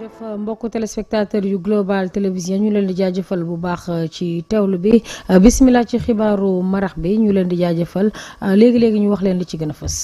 jërëjëf mbokku téléspectateur yu global télévision ñu leen di jaajëfal bu baax euh, ci teewlu bi euh, bisimilah ci xibaaru marax bi ñu leen di jaajëfal euh, léegi léegi ñu wax leen li ci gën a fës.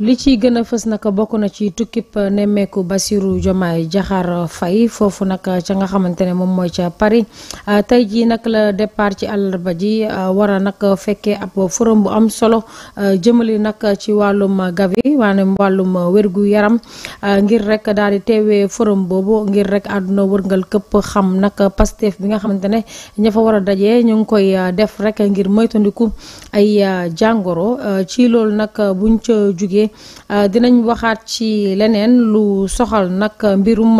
li ci gën a fës nag bokk na ci tukkib nemmeeku Bassirou Diomaye Diakhar fay foofu nag ca nga xamante ne moom mooy ca Paris ah, tey jii nag la départ ci àllarba ji ah, war a nag fekkee ab forum bu am solo ah, jëmali nag ci wàllum gavi maanaam wàllum wérgu yaram ngir rek daal di teewee forum boobu ngir rek àdduna wërngal këpp xam nag Pastef bi nga xamante ne ña fa war a dajee ñu ngi koy def rek ngir moytandiku ay jàngoro ci loolu nag buñ ca jugee Euh, dinañ waxaat ci leneen lu soxal nag mbirum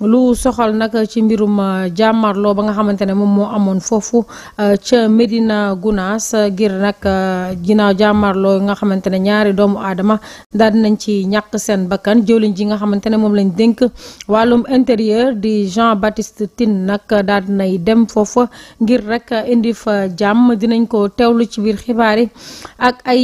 lu soxal nag ci mbirum euh, jàmmarloo ba nga xamante ne moom moo amoon foofu euh, ca Medina Gunas euh, ngir nag ginnaaw jàmmarloo nga xamante ne ñaari doomu aadama daal nañ ci ñàkk seen bakkan jëwliñ ji nga xamante ne moom lañ dénk wàllum intérieur di Jean Baptiste tin nag daal nay dem foofa ngir rek indi fa jàmm dinañ ko teewlu ci biir xibaar yi ak ay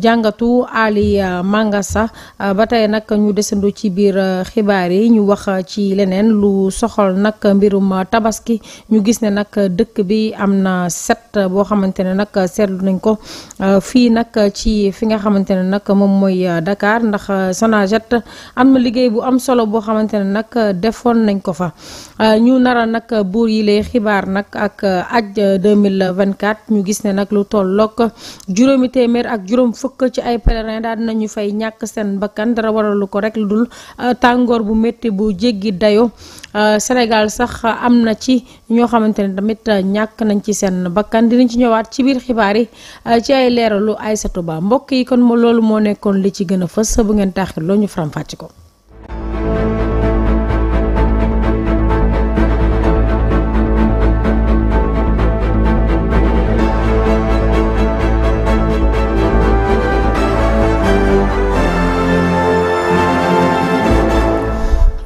jàngatu Ali Mangasa ba tey nag ñu desandoo ci biir xibaar yi wax uh, ci leneen lu soxal nag mbirum uh, tabaski ñu gis ne nag uh, dëkk bi am na set boo xamante ne nag seetlu nañ ko fii nag ci fi nga xamante ne nag moom mooy dakaar ndax Sonaget am na liggéey bu am solo boo xamante ne nag defoon nañ ko fa ñu nara nag buur yi lay xibaar nag ak aj 2024 ñu gis ne nag lu tollook juróomi téeméer ak juróom fukk ci ay pèlerin daal ñu fay ñàkk seen bakkan dara waralu ko rek lu dul tàngoor bu bu jéggi dayo euh, Sénégal sax am na ci ñoo xamante ne tamit ñàkk nañ ci seen bakkan dinañ ci ñëwaat ci biir xibaar yi euh, ci ay leeralu Aïssatou Ba mbokk yi kon ma loolu moo nekkoon li ci gën a fës bu ngeen taaxir loo ñu faram ko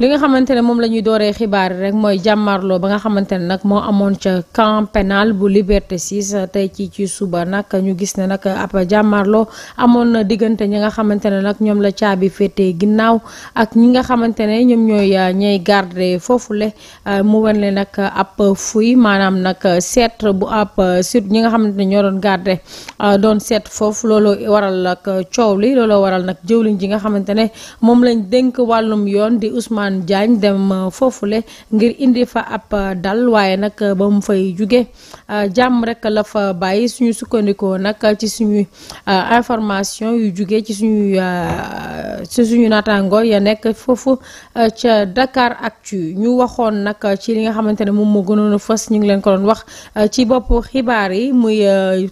li nga xamante ne moom la ñuy dooree xibaar rek mooy jàmmarloo ba nga xamante ne nag moo amoon ca camp pénal bu Liberté 6 tey ci ci suba nag ñu gis ne nag ab jàmmarloo amoon na diggante ñi nga xamante ne nag ñoom la caabi féetee ginnaaw ak ñi nga xamante ne ñoom ñooy euh, ñay garde foofule euh, mu wan le nag ab fuy maanaam nag seet bu ab euh, sud ñi nga xamante ne ñoo doon garde doon seet foofu looloo waral ak coow li looloo waral nag jëwliñ ji nga xamante moom lañ dénk wàllum yoon di Ousmane Ousmane Diagne foofu euh, foofule ngir indi fa ab euh, dal waaye nag euh, ba mu fay jóge jàmm rek la fa bàyyi suñu sukkandikoo nag ci suñu information yu jóge ci suñu ci suñu naataango ya nekk foofu ca Dakar Actu ñu waxoon nag ci li nga xamante ne moom moo gënoon a fës ñu ngi leen ko doon wax ci bopp xibaar yi muy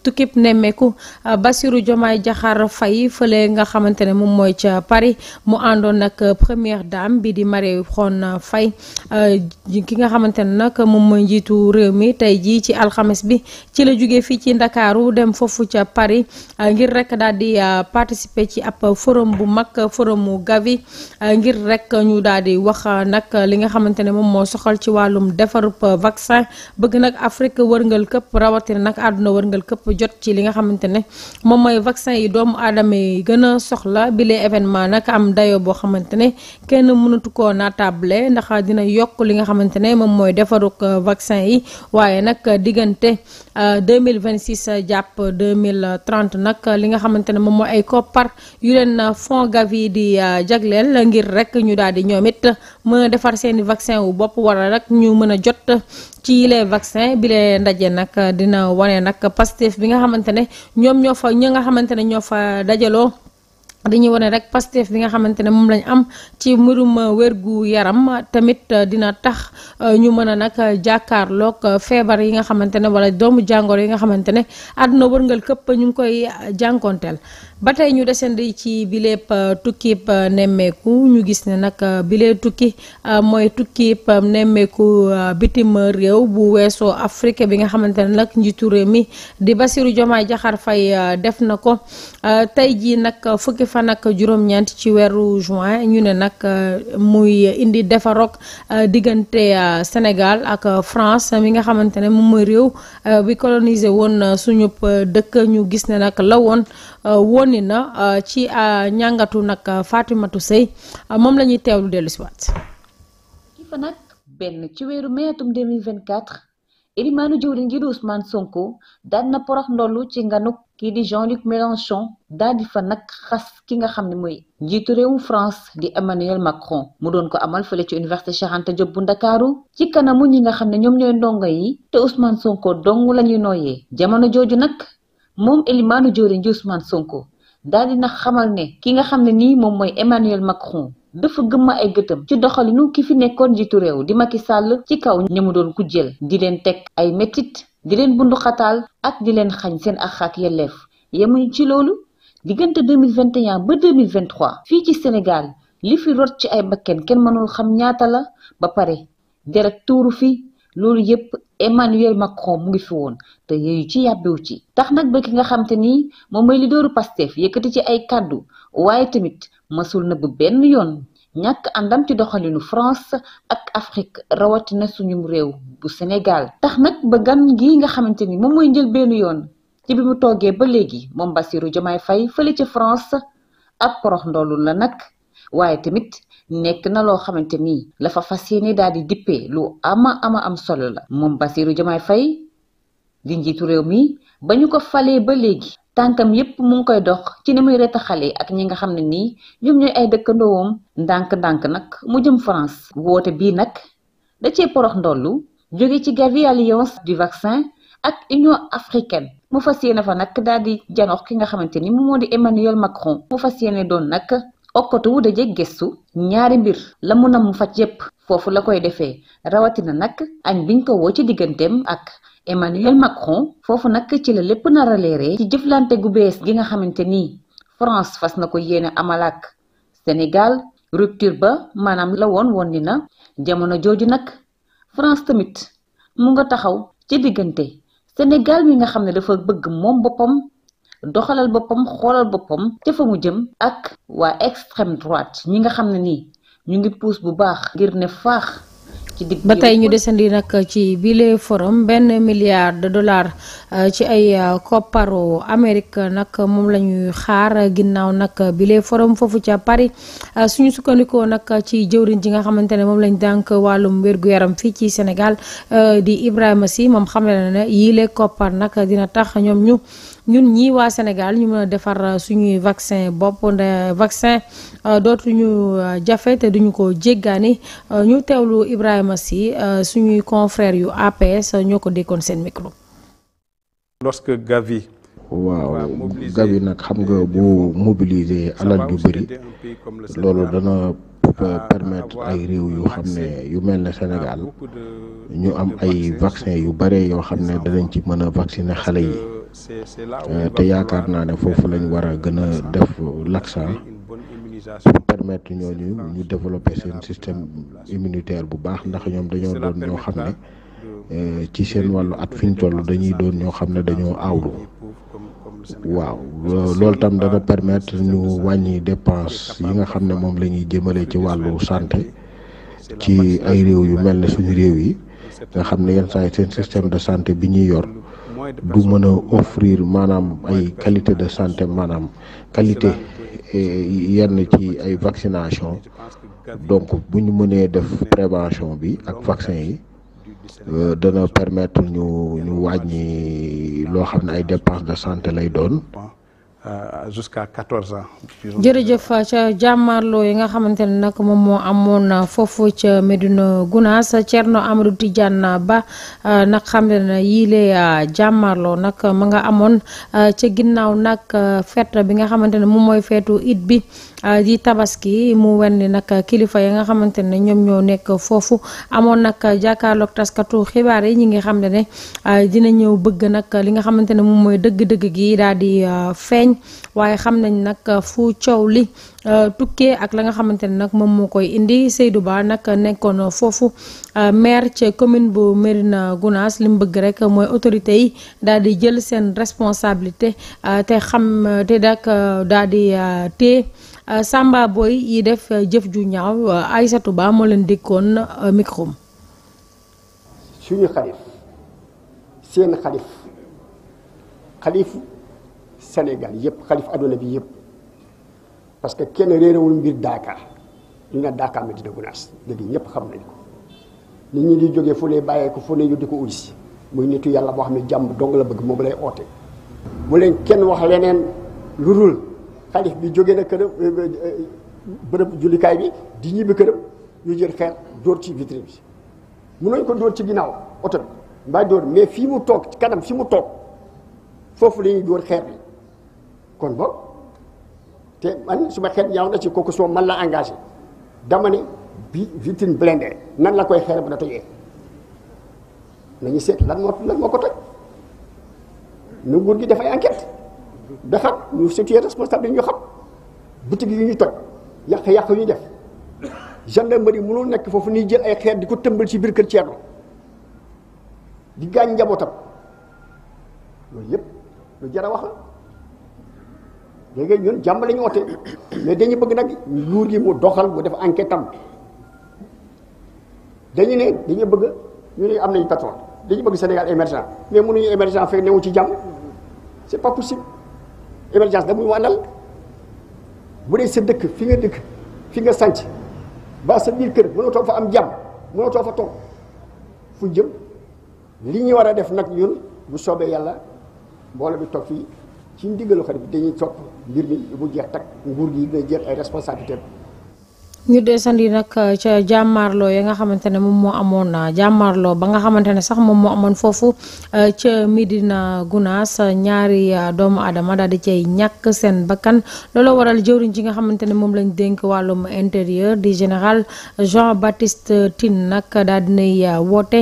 tukkib nemmeeku Bassirou Diomaye Diakhar Faye fële nga xamante ne mooy ca Paris mu àndoon nag première dame bi di Marie Khone Faye euh, ki nga xamante ne nag moom mooy njiitu réew mi tey jii ci alxames bi ci la jóge fii ci Ndakaaru dem foofu ca Paris euh, ngir rek daal di euh, participer ci ab forum bu mag forumu Gavi ngir rek ñu daal di wax nag li nga xamante ne moom mooy soxal ci wàllum defaru vaccin bëgg nag Afrique wërngal këpp rawatina nag àdduna wërngal këpp jot ci li nga xamante ne moom mooy vaccin yi doomu aadama yi soxla bile événement nag am dayo boo xamante kenn mënatu naatable ndax dina yokk li nga xamante ne moom mooy defaruk euh, vaccin yi waaye nag euh, diggante euh, mille vingt 2026 jàpp mille 2030 nag li nga xamante ne moom mooy ay koppar yu leen fond Gavi di jagleel ngir rek ñu daal di ñoom it mën a defar seeni vaccin wu bopp wala rek ñu mën a jot ci les vaccin bi ndaje nag dina wane nag Pastef bi nga xamante ne ñoom ñoo fa ñi nga xamante ne ñoo fa dajaloo dañuy wane rek Pastef bi nga xamante ne moom lañ am ci mbirum euh, wérgu yaram tamit euh, dina tax euh, ñu mën a nag jàkkaarlook feebar yi nga xamante ne wala doomu jàngoro yi nga xamante ne àdduna wërngal këpp ñu ngi koy jànkoonteel ba tey ñu desandi ci bileeb tukkiib nemmeeku ñu gis ne nag bilee tukki mooy tukkiib nemmeeku bitim réew bu weesoo Afrique bi nga xamante ne nag njiitu réew mi di Bassirou Diomaye Diakhar Faye def na ko tey jii nag fukki fan nag juróom-ñeent ci weeru juin ñu ne nag euh, muy indi defarok euh, diggante euh, Sénégal ak France mi nga xamante ne moom mooy réew bi colonisé woon suñu dëkk ñu gis ne nag la woon woni na ci ñàngatu nag Fatoumata Seye moom la ñuy lu dellu si waat ki fa nag benn ci weeru mai atum 2024 Elimaanu jëwriñ ngir Ousmane Sonko daan na porox ndollu ci nganuk kii di Jean-Luc Mélenchon daal di fa nag xas ki nga xam ne mooy njiitu réewum France di Emmanuel Macron mu doon ko amal fële ci université Cheikh Anta bu Ndakaaru ci kanamu ñi nga xam ne ñoom ñooy ndongo yi te Ousmane Sonko dong la ñuy nooyee jamono jooju nag moom Elimaanu Joori nji Ousmane Sonko daal di na xamal ne ki nga xam ne nii moom mooy Emmanuel Macron dafa gëmma ay gëtam ci doxalinu ki fi nekkoon njiitu réew di Macky sàll ci kaw ñamu doon ku jël di leen teg ay métit di leen bundu xataal ak di leen xañ seen àq ak yelleef yemuñu ci loolu diggante 2021 ba 2023 fii ci Sénégal li fi rot ci ay bakken kenn mënul xam ñaata la ba pare deret tuuru fi loolu yépp Emmanuel Macron mu ngi fi woon te yooyu ci yàbbiwu ci tax nag ba ki nga xam te ni moom mooy li dooru Pastef yëkkati ci ay kaddu waaye tamit masul na bu benn yoon ñàkk àndam ci doxalinu France ak Afrique rawatina suñu réew bu Sénégal tax nag ba gan gi nga xamante ni moom mooy njël yoon ci bi mu toogee ba léegi moom Bassirou Diomaye fay fële ca France ak porox ndoolu la nag waaye tamit nekk na loo xamante ni la fa fas yéene daal di dippee lu ama ama am solo la moom Bassirou Diomaye fay di njiitu réew mi ba ñu ko falee ba léegi tànkam yépp mu ngi koy dox ci ni muy retaxalee ak ñi nga xam ne nii ñoom ñooy ay dëkkandoowam ndànk-ndànk nag mu jëm france woote bii nag da cee porox ndollu jóge ci gavi alliance du vaccin ak union africaine mu fas yéene fa nag daal di janox ki nga xamante ni moo di emmanuel macron mu fas yéene doon nag okkatu wu dajeg gestu ñaari mbir la mu nam fac yépp foofu la koy defee rawatina nag añ biñ ko woo ci digganteem ak Emmanuel Macron foofu nag ci la lépp naraleere ci jëflante gu bees gi nga xamante ni France fas na ko yéene amalaak Sénégal rupture ba maanaam la woon woon ni na jamono jooju nag France tamit mu nga taxaw ci diggante Sénégal mi nga xam ne dafa bëgg moom boppam doxalal boppam xoolal boppam ca fa mu jëm ak waa extrême droite ñi nga xam ne nii ñu ngi puus bu baax ngir ne faax ci ba tey ñu desandi nag ci bile forum benn milliard de dollars euh, ci ay euh, kopparo Amérique nag moom la ñuy xaar ginnaaw nag bile forum foofu ca Paris euh, suñu sukkandikoo nag ci jëwriñ ji nga xamante ne moom lañ dànk wàllum wér-gu-yaram fii ci Sénégal di Ibrahima si moom xam ne ne yile koppar nag dina tax ñoom ñu. ñun ñi wa Sénégal ñu mëna défar euh, suñuy vaccin bopp nde euh, d'autre ñu euh, jafé té duñu ko djéggané ñu teewlu Ibrahima Sy suñuy confrère yu APS ñoko ko dékkoon micro. lorsque Gavi. waaw Gavi nak xam nga bu mobiliser alal ju bëri loolu dana. permettre ay réew yu xamné yu mel Sénégal ñu am ay vaccin yu bare yo xamné dañ ci mëna a vacciner xalé yi Euh, te yaakaar naa ne foofu lañ war a gën a def laksan pour permettre ñooñu ñu développer seen système immunitaire bu baax ndax ñoom dañoo doon ñoo xam ne euh, ci seen wàllu at fi toll dañuy doon ñoo xam ne dañoo aawlu waaw loolu tam dana permettre ñu wàññi dépense yi nga xam ne moom la ñuy jëmale ci wàllu santé ci ay réew yu mel ne suñu réew yi nga xam ne yenn saa yi seen système de santé bi ñuy yor. du mën offrir manam ay qualité de santé manam qualité eh, yenn ci ay vaccination donc buñu ñu def prévention bi ak vaccin yi euh, dana permettre ñu ñu wañi lo xam ay dépenses de santé lay doon. Euh, jusqu'à 14 ans. ca jàmmaarloo yi nga xamante ne nag moom moo amoon foofu ca Medina Gounass Thierno Amadou Tidiane Ba euh, nag xam yiile yile euh, jàmmarloo nag mu nga amoon ca ginnaaw nag fête bi nga xamante ne moom mooy feetu it bi. Ah, di tabaski mu wan ni nag kilifa yi nga xamante ne ñoom ñoo nekk foofu amoon nag jàkkaarloog taskatu xibaar yi ñi ngi xam ne ne ah, dina ñëw bëgg nag li nga xamante ne moom mooy dëgg-dëgg gi daal di ah, feeñ waaye xam nañ nag fu coow li tukkee ak la nga xamante ne nag moom moo koy indi Seydou Ba nag nekkoon foofu maire ca commune bu Mérina Gounass li mu bëgg rek mooy autorité yi daal di jël seen responsabilité te xam te nag daal di tée Euh, Samba booy yi def euh, jëf ju ñaaw euh, Aïssatou Ba moo leen dikkoon micro suñu xalif seen xalif xalif senegal yëpp xalif adduna bi yëpp parce que kenn réerewul mbir Dakar ñu ne Dakar Médina Gounass léegi ñëpp xam nañ ko nit ñi di jógee fu ne bàyyee ko fu ne ñu di ko ulsi muy nitu yàlla boo xam ne jàmm dong la bëgg moom lay oote bu leen kenn wax leneen lu dul xalif bi jóge na këram euh, euh, euh, bërëb jullikaay bi di ñibbi këram ñu jël xeer dóor ci vitre bi mënuñ ko dóor ci ginnaaw oto bi mbaa dóor mais fii mu toog ci kanam fi mu toog foofu la ñuy dóor xeer bi kon boog te man su ma xeet ñaaw na ci kooku soo man la engage dama ne bi vitrine blindée nan la koy xeer bu na tojee nañu seet lan moo lan moo ko toj nu nguur gi dafay enquête defar ñu situé responsable yi ñu xam boutique yi ñu toj yàq-yàq yu ñu def gendarmerie mënul nekk foofu ñuy jël ay xeer di ko tëmbal ci biir kër Thierno di gaañ njabootam loolu yëpp lu jar a wax la léegi ñun jàmm la ñu woote mais dañu bëgg nag nguur yi mu doxal mu def enquête am dañu ne dañu bëgg ñu ne am nañu pétrole dañu bëgg Sénégal émergent mais ñu émergent fekk newu ci jàmm c'est pas possible émergence da muy mu àndal bu dee sa dëkk fi nga dëkk fi nga sanc baa sa biir kër mënatoo fa am jàmm mënatoo fa toog fu jëm li ñu war a def nag ñun bu soobee yàlla mbooloo bi toog fii ci ndigalu xarit bi dañuy topp mbir mi bu jeex takk nguur gi dina jël ay responsabilités ñu desandi nag uh, ca jàmmaarloo ya nga xamante ne moom moo amoon uh, jàmmarloo ba nga xamante ne sax moom moo amoon foofu uh, ca mii Medina Gunas ñaari doomu aadama daal di cay ñàkk seen bakkan looloo waral jëwriñ ji nga xamante ne moom lañ dénk wàllum intérieur di général Jean Baptiste Tine nag daal dinay woote.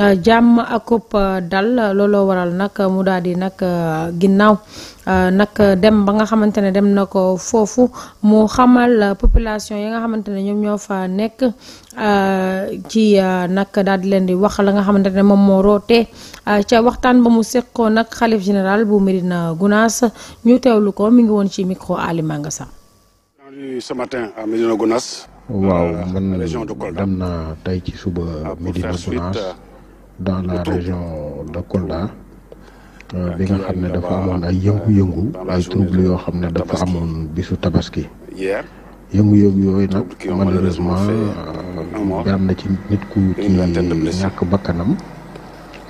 Euh, jàmm akub euh, dal looloo waral nag mu daal di nag euh, ginnaaw nag dem ba nga xamante ne dem na ko foofu mu xamal population yi nga xamante ne ñoom ñoo fa nekk ci nag daal di leen di wax la nga xamante ne moom moo rootee ca waxtaan ba mu seqoo nag xalif général bu Médina Gounass ñu teewlu ko mi ngi woon ci micro Ali Manga dans la région de Kolda euh, bi nga xam ne dafa amoon ay yëngu-yëngu ay trouble yoo xam ne dafa amoon bisu tabaski yëngu-yëngu yooyu nag malheureusement am euh, na ci nit ku ci ñàkk bakkanam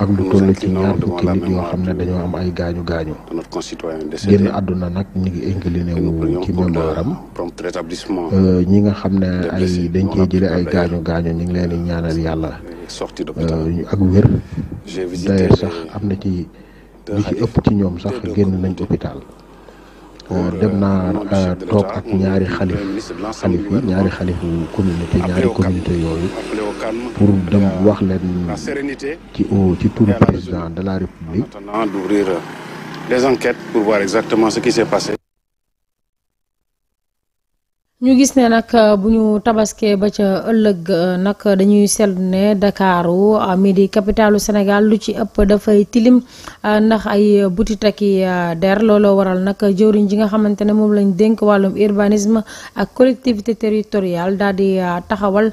ak lu toll ci non tukki bi nga xamne dañu am ay gañu gañu genn aduna nak ñi ngi ingliné wu ci mémoiram euh ñi nga xamne ay dañ ci jëlé ay gañu gañu ñi ngi leen ñaanal yalla sorti euh, d'hôpital euh ak wër j'ai visité sax amna ci bi ci ëpp ci ñom sax genn nañ hôpital dem naa euh, toog ak ñaari xalif xalif yi ñaari xalifu communauté ñaari communauté yooyu pour dem wax leen ci turu président de la république. les enquêtes pour voir exactement ce qui s'est passé. ñu gis ne nag euh, bu ñu tabaskee ba ca ëllëg euh, nag dañuy seetlu ne Dakaaru euh, mi di capitalu Sénégal lu ci ëpp dafay tilim ndax ay butit ak i der looloo waral nag jëwriñ ji nga xamante ne moom lañ dénk wàllum urbanisme ak collectivité territoriale daal di taxawal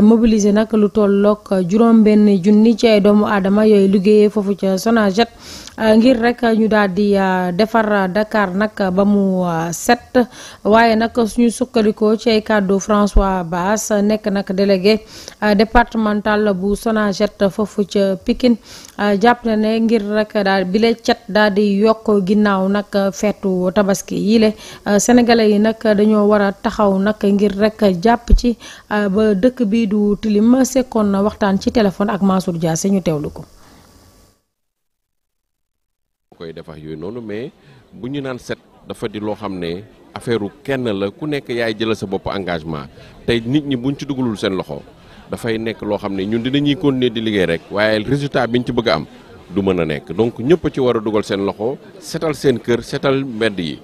mobiliser nag lu tollook juróom-benn junni ci ay doomu aadama yooyu liggéeyee foofu ca Sonaget ngir rek ñu daal di defar Dakar nag ba mu set waaye nag suñu sukkali sukkandikoo ci ay kàddu François Bass nekk nag délégué euh, départemental bu Sonaget foofu ca Pikine euh, jàpp na ne ngir rek daal bi cet daal di yokk ginnaaw nag feetu tabaski yile euh, le yi nag dañoo war a taxaw nag ngir rek jàpp ci ba dëkk bi du tilim sekkoon na waxtaan ci téléphone ak masour Diasse ñu teewlu ko. affaire kenn la ku nekk yaay jëlal sa bopp engagement tey nit ñi buñ ci dugalul seen loxo dafay nekk loo xam ne ñun dinañuy continuer di liggéey rek waaye résultat ñu ci bëgg am du mën a nekk donc ñëpp ci war a dugal seen loxo setal seen kër setal mbedd yi.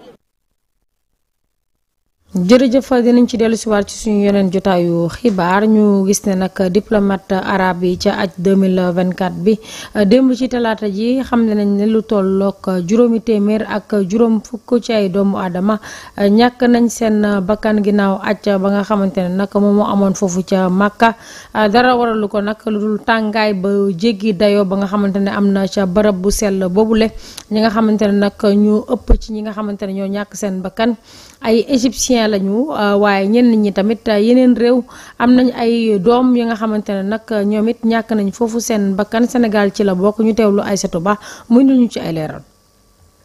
jërëjëf dinañ ci dellu si waat ci suñu yeneen jotaayu xibaar ñu gis ne nag diplomate arabe yi ca aj 2024 bi démb ci talaata ji xam ne nañ ne lu tollook juróomi téeméer ak juróom fukk ci ay doomu aadama ñàkk nañ seen bakkan ginnaaw aj ba nga xamante ne nag moom moo amoon foofu ca makka dara waralu ko nag lu dul tàngaay ba jéggi dayoo ba nga xamante ne am na ca barab bu sell boobu boobule ñi nga xamante ne nag ñu ëpp ci ñi nga xamante ne ñoo ñàkk seen bakkan africain lañu euh, waaye ñenn ñi tamit euh, yeneen réew am nañ ay doom yi nga xamante ne nag ñoom it ñàkk nañ foofu seen bakkan Sénégal ci la bokk ñu ay Aïssatou Ba muy ñu ci ay leeral.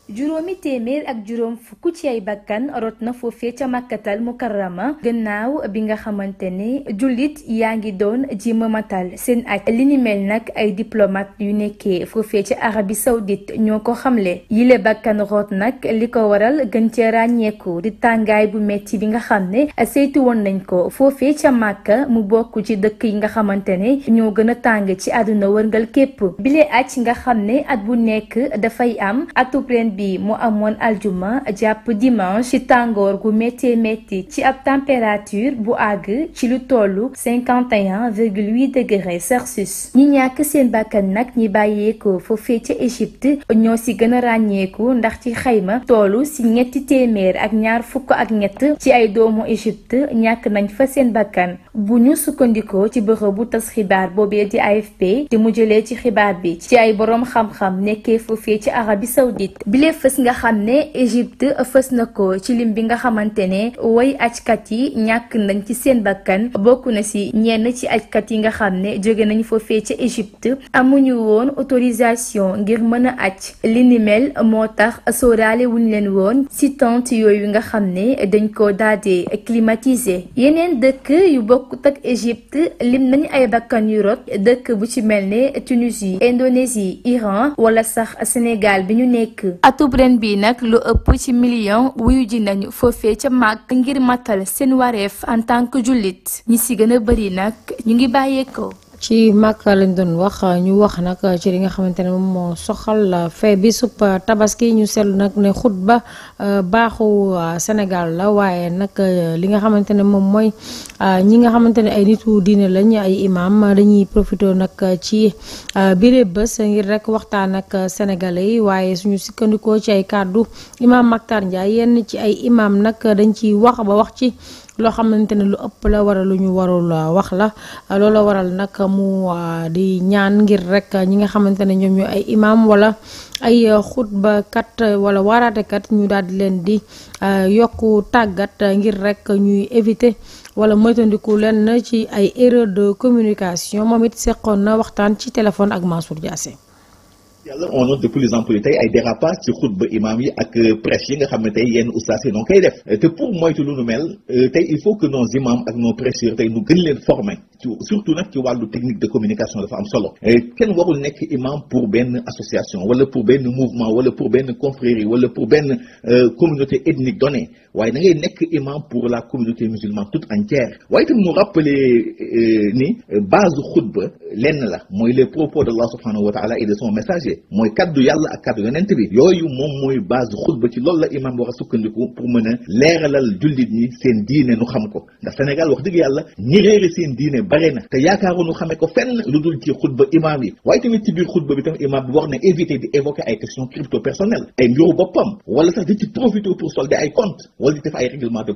juróomi téeméer ak juróom fukk ci ay bakkan rot na foofee ca màkkatal mukarrama gannaaw bi nga xamante ni jullit yaa ngi doon ji mamatal seen ak li ni mel nag ay diplomate yu nekkee foofee ca Arabie saoudite ñoo ko xamle yile bakkan rot nag li ko waral gën ca ràññeeku di tàngaay bu metti bi nga xam ne saytu woon nañ ko foofee ca màkka mu bokk ci dëkk yi nga xamante ne ñoo gën a tàng ci àdduna wërngal képp bile acc nga xam ne at bu nekk dafay am atub ren bi mu amoon aljuma dimanche ci tangor gu metti metti ci ab température bu ag ci lu tollu 51,8 degrés Celsius ñi ñak seen bakkan nak ñi bàyyeekoo foofee ci Égypte ñoo ci gëna a ko ndax ci xayma tollu ci ñetti témèr ak ñaar fukk ak ñett ci ay doomu Égypte ñak nañ fa seen bakkan bu ñu sukkandiko ci bërëbu tas xibaar boobee di AFP te mu jëlee ci xibaar bi ci ay borom xam-xam nekkee ci Arabie Saoudite ñaawteef nga xam ne Égypte fës na ko ci lim bi nga xamante ne woy ajkat yi ñàkk nañ ci seen bakkan bokku na si ñenn ci ajkat yi nga xam ne jóge nañu foofee ca Égypte amuñu woon autorisation ngir mën a aj li ni mel moo tax sóoraale wuñ leen woon si tente yooyu nga xam ne dañ ko daadee climatisé yeneen dëkk yu bokkut ak Égypte lim nañu ay bakkan yu rot dëkk bu ci mel ne Tunisie Indonésie Iran wala sax Sénégal bi ñu nekk atub ren bii nag lu ëpp ci million wuyu ji nañu foofee ca màkk ngir matal seen wareef en tant que jullit ñi si gën a bëri nag ñu ngi bàyyeekoo. ci Màkka lañ doon wax ñu wax nag ci li nga xamante ne moom moo soxal fee bi supp tabaski ñu seetlu nag ne xutba euh, baaxu euh, Sénégal la waaye nag euh, li nga xamante ne moom mooy ñi nga xamante ne ay wu diine lañ ay imaam dañuy profité nag ci biir bés ngir rek waxtaan ak sénégalais yi waaye suñu sikkandikoo ci ay kàddu imam Mactar Ndiaye yenn ci ay imaam nag dañ ci wax ba wax ci loo xamante ne lu ëpp la wara lu ñu warul uh, wax la uh, loola waral nag mu uh, di ñaan ngir rek ñi nga xamante ne ñoom ñu ay imam wala ay xutbakat wala waaraatekat ñu daal di leen di yokk tàggat ngir rek ñuy éviter wala moytandiku leen ci ay erreur de communication moom it seqoon na waxtaan ci téléphone ak Mansour Diassé yàlla on note depuis plus en plus tey ay dérapage ci xutba imam yi ak euh, prêche yi nga xam ne tey yenn ustaas yi noonu koy def euh, te pour moytu lu nu mel euh, tey il faut que nos imams ak nos prêcheurs tey nu gën leen former surtout nag ci wàllu technique de communication dafa am solo kenn warul nekk imam pour benn association wala pour benn mouvement wala pour benn confrérie wala pour benn communauté ethnique donnée waaye da ngay nekk imam pour la communauté musulmane toute entière waaye itam nu rappeler ni base xutba lenn la mooy les propos de Allah subhanahu wa taala et de son message féete mooy kaddu yàlla ak kaddu yonent bi yooyu moom mooy base xutba ci loolu la imam war a sukkandiku pour mën a leeralal jullit ñi seen diine nu xam ko ndax Sénégal wax dëgg yàlla ñi seen diine bare na te yaakaaru nu xamee ko fenn lu dul ci xutba imam yi waaye tamit ci biir xutba bi tam imam bi war na éviter di évoquer ay questions crypto personnelles ay mbiru boppam wala sax di ci profiter pour solder ay compte wala di def ay règlement de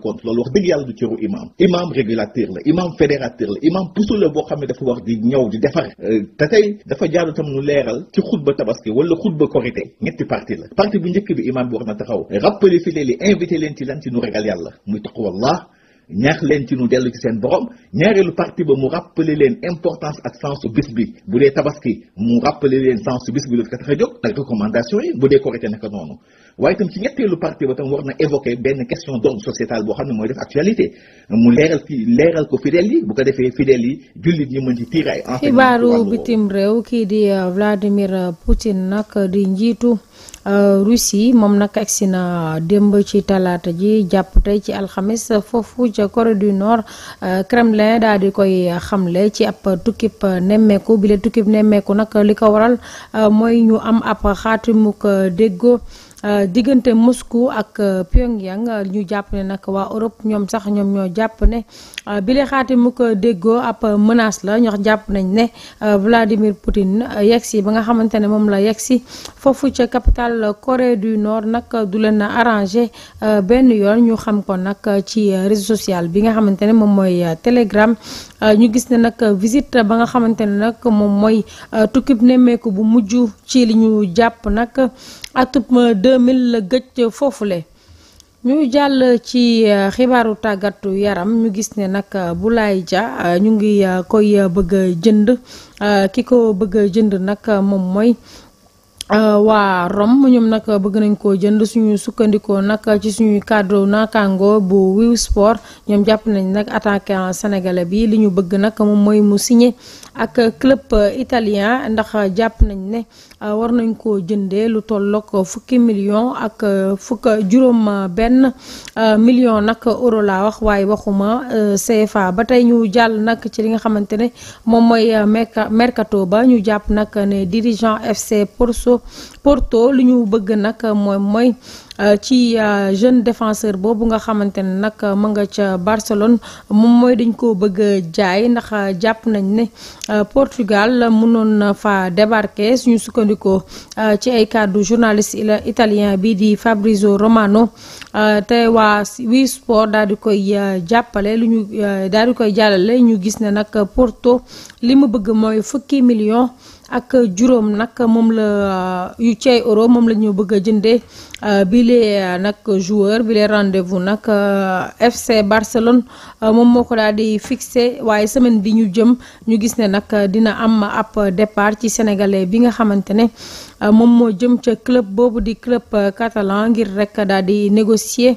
tabaski wala xutba korité ñetti parti la parti bu ñëkk bi imam bi wax na taxaw rappelé fi leen li invité leen ci lan ci nu regal yàlla muy taqwallah ñaax leen ci nu dellu ci seen borom ñaareelu parti ba mu rappelé leen importance ak sensu bis bi bu dee tabaski mu rappelé leen sensu bis bi lu ko tax a jóg ak recommandation yi bu dee korité naka noonu waaye itam ci ñetteelu parti ba tam war na évoquer benn question d'ordre sociétal boo xam ne mooy def actualité mu leeral fi leeral ko fidèles yi bu ko defee fidèles yi jullit ñi mën ci tiir ay xibaaru bitim réew kii di euh, Vladimir Poutine nag di njiitu Euh, Russie moom nag agsi na démb ci talaata ji jàpp tey ci alxamis foofu ca Corée du Nord euh, Kremlin daal di koy xamle ci ab tukkib nemmeeku bile tukkib nemmeeku nag li ko waral euh, mooy ñu am ab xaatimuk déggoo Euh, diggante Moscou ak euh, Pyongyang euh, ñu jàpp ne nag waa Europe ñoom sax ñoom ñoo jàpp ne bile xaati mu ko déggoo ab menace la ñox jàpp nañ ne Vladimir Poutine si ba nga xamante ne moom la yegsi foofu ca capitale Corée du Nord nag du leen arrangé benn yoon ñu xam ko nag ci réseau bi nga xamante ne moom mooy Telegram ñu gis ne nag visite ba nga xamante ne nag moom mooy tukkib nemmeeku bu mujj ci li ñu jàpp nag atub 2000 la gëj foofule. ñu jàll ci euh, xibaaru tàggatu yaram ñu gis ne nag euh, lay ja euh, ñu ngi koy bëgg jënd ki ko bëgg jënd nag moom mooy waa Rome ñoom nag bëgg nañ ko jënd suñu sukkandikoo nag ci suñuy cadre nakango bu wiw sport ñoom jàpp nañ nag attaquant sénégalais bi liñu bëgg nag moom mooy mu signé ak club italien ndax jàpp nañ ne Euh, war nañ koo jëndee lu tolloog fukki million ak euh, fukk juróom benn euh, million nag euro laa wax waaye waxuma CFA ba tey ñu jàll nag ci li nga xamante ne moom mooy mercato ba ñu jàpp nag ne dirigeant FC Porto lu ñu bëgg nag mooy mooy Euh, ci euh, jeune défenseur boobu nga xamante ne nag euh, ma nga ca Barcelone moom mooy dañ ko bëgg jaay ndax jàpp nañ ne Portugal mënoon fa débarquer suñu sukkandikoo ci ay kàddu journaliste italien bi di Fabrizio Romano te waa wii sport daal di koy jàppale lu ñu daal di koy jàllale ñu gis ne nag Porto li mu bëgg mooy fukki million ak juróom nag moom la yu ci ay euro moom la ñu bëgg a jëndee euh, bile euh, nag joueur bile rendez-vous nag euh, FC Barcelone moom moo ko daal di fixé waaye semaine bi ñu jëm ñu gis ne nag dina am ab départ ci sénégalais bi nga xamante ne moom moo jëm ca club boobu di club catalan ngir rek daal di négocier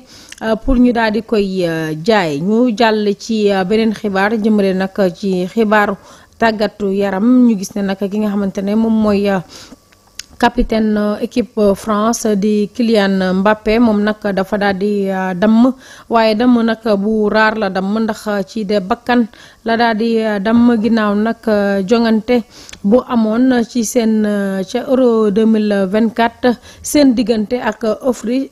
pour ñu daal di koy jaay ñu jàll ci beneen xibaar jëmale nag ci xibaaru. tàggatu yaram ñu gis ne nag ki nga xamante ne moom mooy euh, capitaine euh, équipe euh, France di Kylian Mbappé moom nag dafa daal di damm waaye damm nag bu raar la damm ndax ci de bakkan la daal di euh, damm ginnaaw nag euh, jongante bu amoon ci seen euh, ca euro 2024 seen diggante ak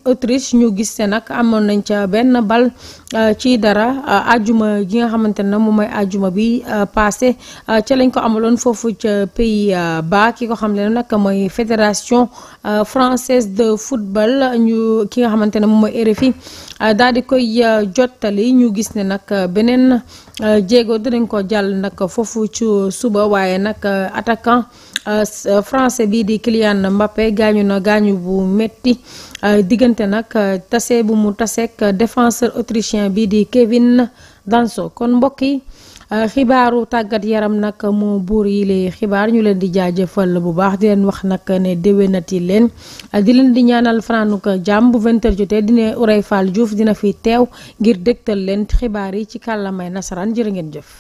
Autriche ñu gis te nag amoon nañ ca benn bal ci dara ajuma gi nga xamante ne moom mooy ajuma bi passé ca lañ ko amaloon foofu ca Pays-Bas ki ko xam ne nag mooy fédération française de football ñu ki nga xamante ne moom mooy RFI daal di koy jottali ñu gis ne nag beneen. Euh, jéego dinañ ko jàll nag foofu ci suba waaye nag euh, attaquant euh, français bii di Kylian Mbappé gaañu na gaañu bu metti diggante nag tase bu mu taseek défenseur autrichien bi di Kevin Danso kon mbokk yi Euh, xibaaru tàggat yaram nag moo buur yi lay xibaar ñu leen di jëfal jaajëfal bu baax di leen wax nag ne déwénati leen euh, di leen di ñaanal fanaanuk jàmm bu 20 te dina Ourey Fall Diouf dina fi teew ngir dégtal leen xibaar yi ci kàllaamay nasaraan jërë ngeen jëf.